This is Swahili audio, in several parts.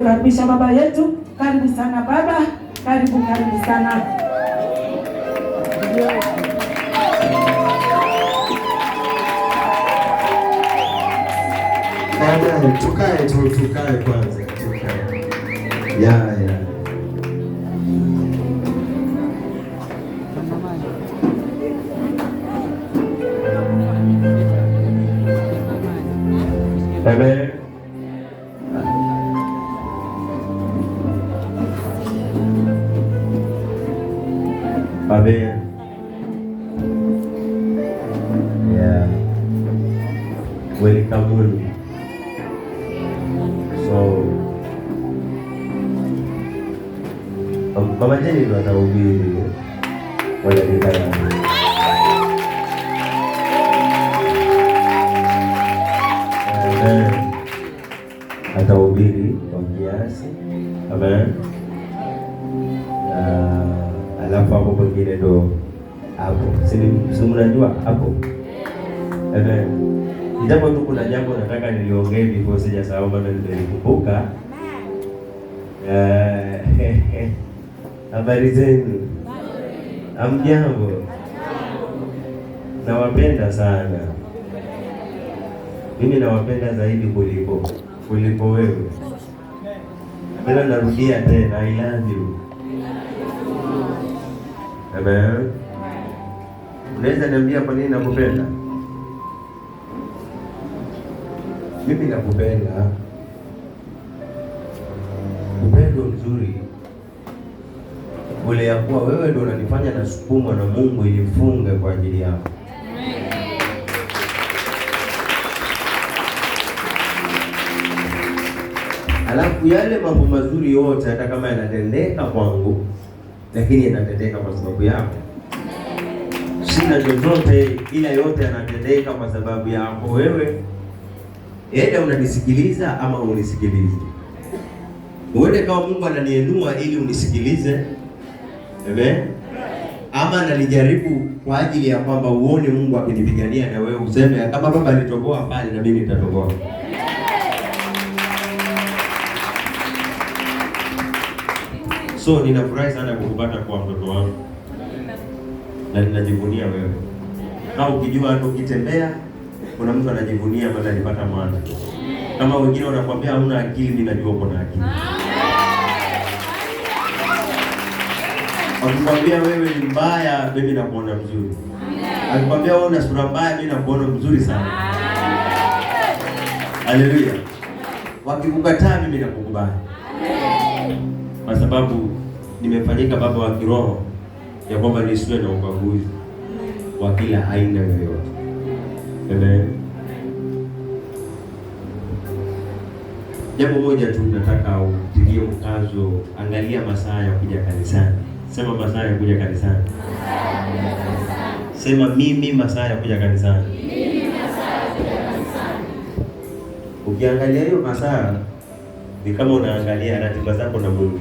Karibisha baba yetu, karibu sana baba, karibu karibu sana tukae tu, tukae kwanza, tukae ya ya Amen. Mama Jeni watahubiri Wanalingana atahubiri kwa kiasi amen. Uh, alafu hapo pengine ndo hapo si mnajua hapo amen. Japo tu kuna jambo nataka niliongee before sijasahau, bado nimelikumbuka. Habari zenu, amjambo? Nawapenda sana. Mimi nawapenda zaidi kuliko kuliko wewe. Tena narudia tena, I love you. Amen. Unaweza niambia kwa nini nakupenda? Mimi nakupenda ule ya kuwa wewe ndio unanifanya nasukumwa na Mungu ili mfunge kwa ajili yako. Alafu yale mambo mazuri yote, hata kama yanatendeka kwangu, lakini yanatendeka kwa sababu yako. Sina chochote, ila yote yanatendeka kwa sababu yako wewe. Eda, yaani unanisikiliza ama unisikilize? Uende kama Mungu ananiinua ili unisikilize Amen. Ama nalijaribu kwa ajili ya kwamba uone Mungu akinipigania na wewe useme kama baba alitoboa pale na mimi nitatoboa. So ninafurahi sana kukupata kwa mtoto wangu na ninajivunia wewe, na ukijua hata ukitembea kuna mtu anajivunia maana alipata mwana. Kama wengine wanakuambia huna akili, ninajua uko na akili. Akikwambia wewe ni mbaya, mimi nakuona mzuri. Akikwambia wewe una sura mbaya, mimi nakuona mzuri sana. Haleluya! Wakikukataa, mimi nakukubali, kwa sababu nimefanyika baba wa kiroho ya kwamba nisiwe na ubaguzi wa kila aina yoyote. Amen. Jambo moja tu nataka utilie mkazo, angalia masaa ya kuja kanisani. Sema masaa ya kuja kanisani. Sema mimi masaa ya kuja kanisani. Ukiangalia hiyo masaa ni kama unaangalia ratiba zako na Mungu.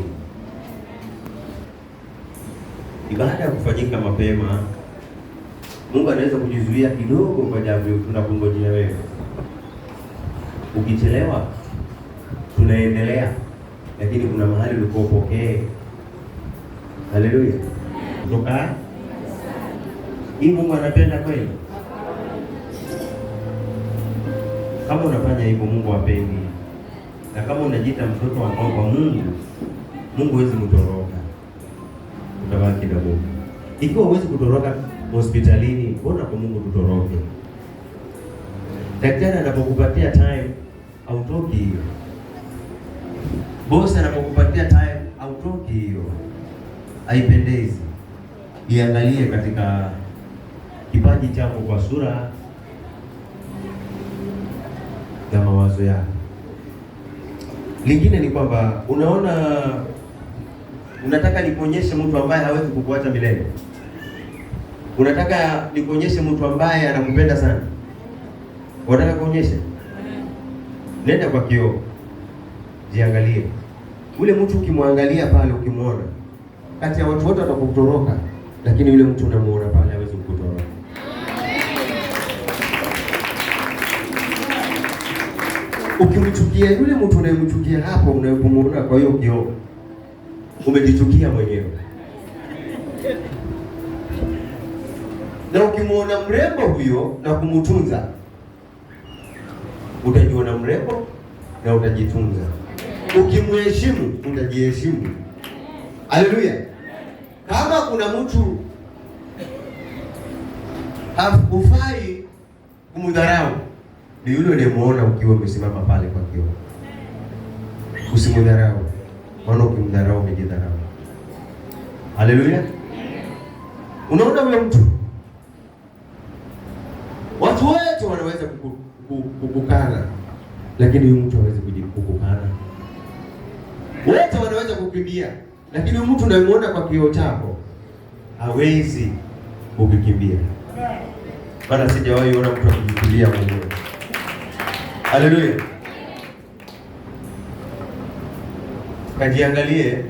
Ibada ya kufanyika mapema, Mungu anaweza kujizuia kidogo kwa jambo tunakungojea wewe. Ukichelewa tunaendelea, lakini kuna mahali ulikopokee Haleluya. Kutoka hii Mungu anapenda kweli? Kama unafanya hivyo Mungu apendi. na kama unajiita mtoto wa kwa Mungu, Mungu hawezi kutoroka, utabaki na Mungu. Ikiwa huwezi kutoroka hospitalini, mbona kwa Mungu tutoroke? Daktari anapokupatia time hautoki, bosi anapokupatia time haipendezi. Iangalie katika kipaji chako kwa sura ya mawazo yako. Lingine ni kwamba unaona, unataka nikuonyeshe mtu ambaye hawezi kukuacha milele? Unataka nikuonyeshe mtu ambaye anakupenda sana? Unataka kuonyesha? Nenda kwa kioo, jiangalie. Ule mtu ukimwangalia pale, ukimwona kati ya watu wote watakutoroka, lakini yule mtu unamuona pale hawezi kukutoroka. Ukimchukia yule mtu unayemchukia hapo unayemuona, kwa hiyo kioo umejichukia mwenyewe. Na ukimwona mrembo huyo na kumtunza, utajiona mrembo na utajitunza. Ukimheshimu utajiheshimu. Haleluya! Kama kuna mtu hakufai kumdharau, ni yule uliyemuona ukiwa umesimama pale kwa kioo. Usimdharau, maana ukimdharau umejidharau. Haleluya! Unaona huyo mtu, watu wote wanaweza kukukana, lakini huyu mtu hawezi kujikukana. Wote wanaweza kukimbia lakini mtu unayemwona kwa kioo chako hawezi kukikimbia. Bana, sijawahi ona mtu akikimbia mwenyewe. Haleluya! Kajiangalie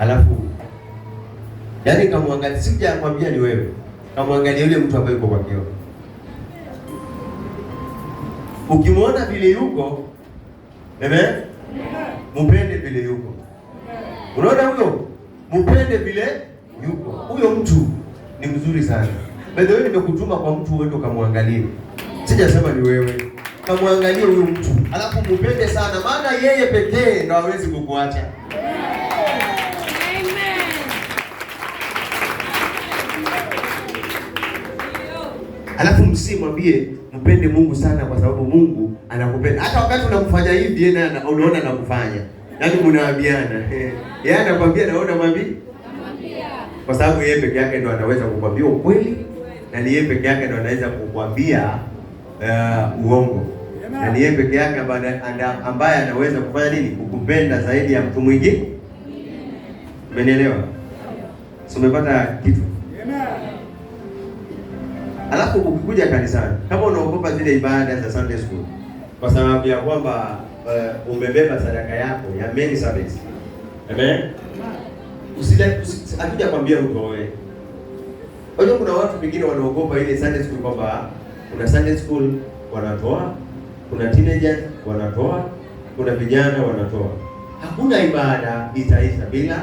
alafu, yaani kamwangalia, sijakwambia ni wewe, kamwangalia yule mtu ambaye yuko kwa kioo. Ukimwona vile yuko, amen mupende vile yuko. Unaona huyo, mupende vile yuko. Huyo mtu ni mzuri sana. By the way, nimekutuma kwa mtu wewe, ukamwangalie, sijasema ni wewe kamwangalie huyo mtu alafu mupende sana, maana yeye pekee ndo hawezi kukuacha. Alafu msimwambie mpende Mungu sana kwa sababu Mungu anakupenda. Hata wakati unakufanya hivi yeye na unaona anakufanya. Yaani mnaambiana. Yeye anakwambia na wewe unamwambia. Kwa sababu yeye peke yake ndo anaweza kukwambia ukweli na ni yeye peke yake ndo anaweza kukwambia uh, uongo. Na ni yeye peke yake ambaye anaweza kufanya nini? Kukupenda zaidi ya mtu mwingine. Umenielewa? So umepata kitu Alafu ukikuja kanisani, kama unaogopa zile ibada za Sunday school kwa sababu ya kwamba uh, umebeba sadaka yako ya main service. Amen. Usile akija kwambia wewe. Unajua kuna watu wengine wanaogopa ile Sunday school kwamba kuna Sunday school wanatoa, kuna teenager wanatoa, kuna vijana wanatoa. Hakuna ibada itaisha bila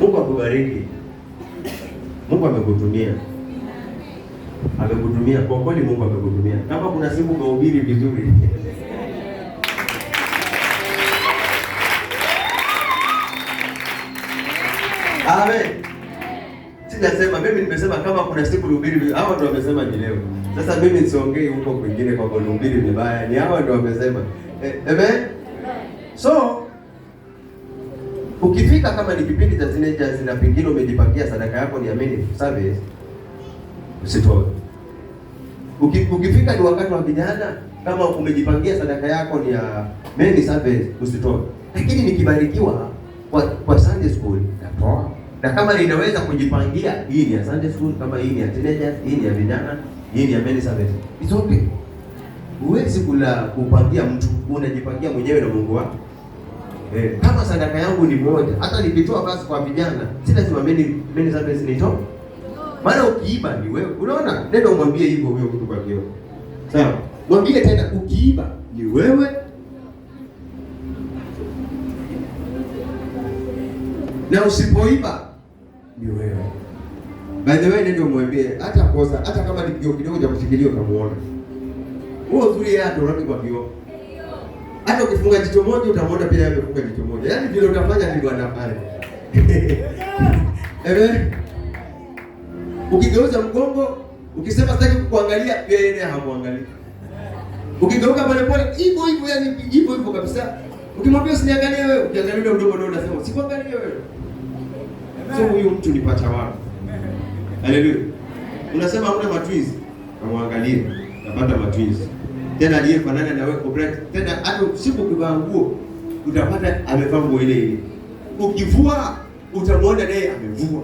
Mungu akubariki. Mungu amekutumia amekutumia kwa kweli. Mungu amekutumia Kama kuna siku umehubiri vizuri Amen. Sijasema mimi, nimesema kama kuna siku nihubiri. Hawa ndio wamesema ni leo. Sasa mimi siongei huko kwingine kwa nihubiri vibaya, ni hawa ndio wamesema. Eh, amen. So Ukifika kama ni kipindi cha teenagers na pengine umejipangia sadaka yako ni ameni service, usitoe. Ukifika ni wakati wa vijana, kama umejipangia sadaka yako ni ya ameni service, usitoe. Lakini nikibarikiwa kwa, kwa Sunday school natoa, na kama ninaweza kujipangia, hii ni ya Sunday school, kama hii ni ya teenager, hii ni ya vijana, hii ni ya ameni service, it's okay. Huwezi kula kupangia mtu, unajipangia mwenyewe na Mungu wako. Eh, kama sadaka yangu ni moja, hata nikitoa basi kwa vijana, si sita mimi meni zangu zinitoa. Maana ukiiba ni wewe. Unaona? Nenda umwambie hivyo huyo mtu kwa hiyo. Sawa. Mwambie tena ukiiba ni wewe. Na usipoiba ni wewe. By the way, nenda umwambie hata kosa, hata kama ni kidogo kidogo cha kushikilia ukamuona. Wewe uzuri yako unaona kwa kioo hata ukifunga jicho moja utamwona pia amefunga jicho moja. Yaani vile utafanya ndivyo anafanya. Ewe ukigeuza mgongo, ukisema sitaki kukuangalia, pia yeye hamwangalii. Ukigeuka pale pale, hivyo hivyo, yani hivyo hivyo kabisa. Ukimwambia usiniangalie wewe, ukiangalia mdomo ndio unasema sikuangalie wewe. So huyu mtu ni pacha wangu. Haleluya. Unasema hauna matwizi, Kamwangalie. napata matwizi tena aliyefanana na weko bright tena, hata siku kivaa nguo utapata amevaa nguo ile ile, ukivua utamwona naye amevua.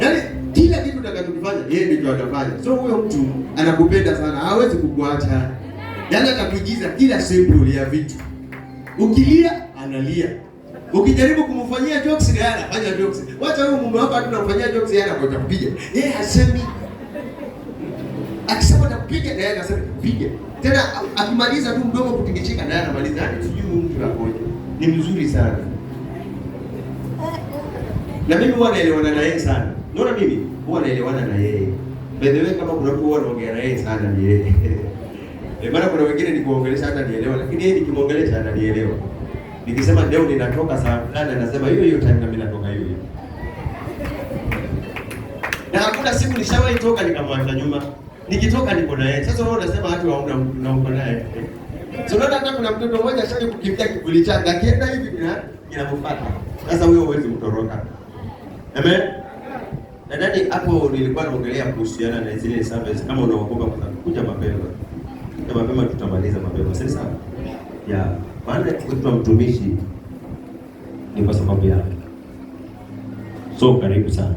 Nani kila kitu utakachofanya yeye ndicho atafanya. So huyo mtu anakupenda sana, hawezi kukuacha. Yaani atakuigiza kila simple ya vitu, ukilia analia Ukijaribu kumfanyia jokes yeye anafanya jokes. Wacha huyo mume wako atunamfanyia jokes yeye anakuja kupiga. Yeye hasemi. Akisema Piga yeye anasema piga. Tena akimaliza tu mdomo kutingishika yeye anamaliza. Yaani sijui huyu mtu anakoje. Ni mzuri sana. Na mimi huwa naelewana na yeye sana. Unaona mimi huwa naelewana na yeye. By the way kama kuna mtu huwa naongea na yeye sana ni yeye. E, maana kuna wengine nikuongelesha hata nielewa, lakini yeye nikimwongelesha nielewa. Nikisema leo ninatoka saa fulani anasema hiyo hiyo time na mimi natoka hiyo hiyo. Na hakuna siku nishawahi toka nikamwacha nyuma nikitoka niko naye. Sasa wewe unasema hata waona na uko naye. So ndio hata kuna mtoto mmoja ashali kukimbia kivuli chake akienda hivi bila inamfuata. Sasa huyo huwezi kutoroka. Amen. Na nani hapo nilikuwa naongelea kuhusiana na zile service kama unaokopa kuja mapema. Kuja mapema tutamaliza mapema. Sasa Ya. Yeah. Maana kwa mtumishi ni kwa sababu ya So karibu sana.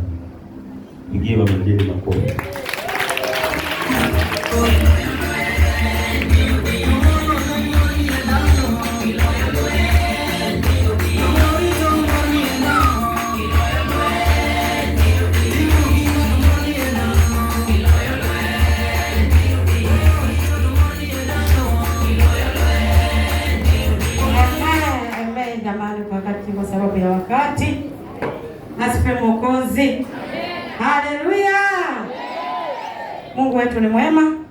Pigie mama Jeni makofi. Kwa wakati kwa sababu ya wakati, asifiwe Mwokozi. Haleluya. Mungu wetu ni mwema.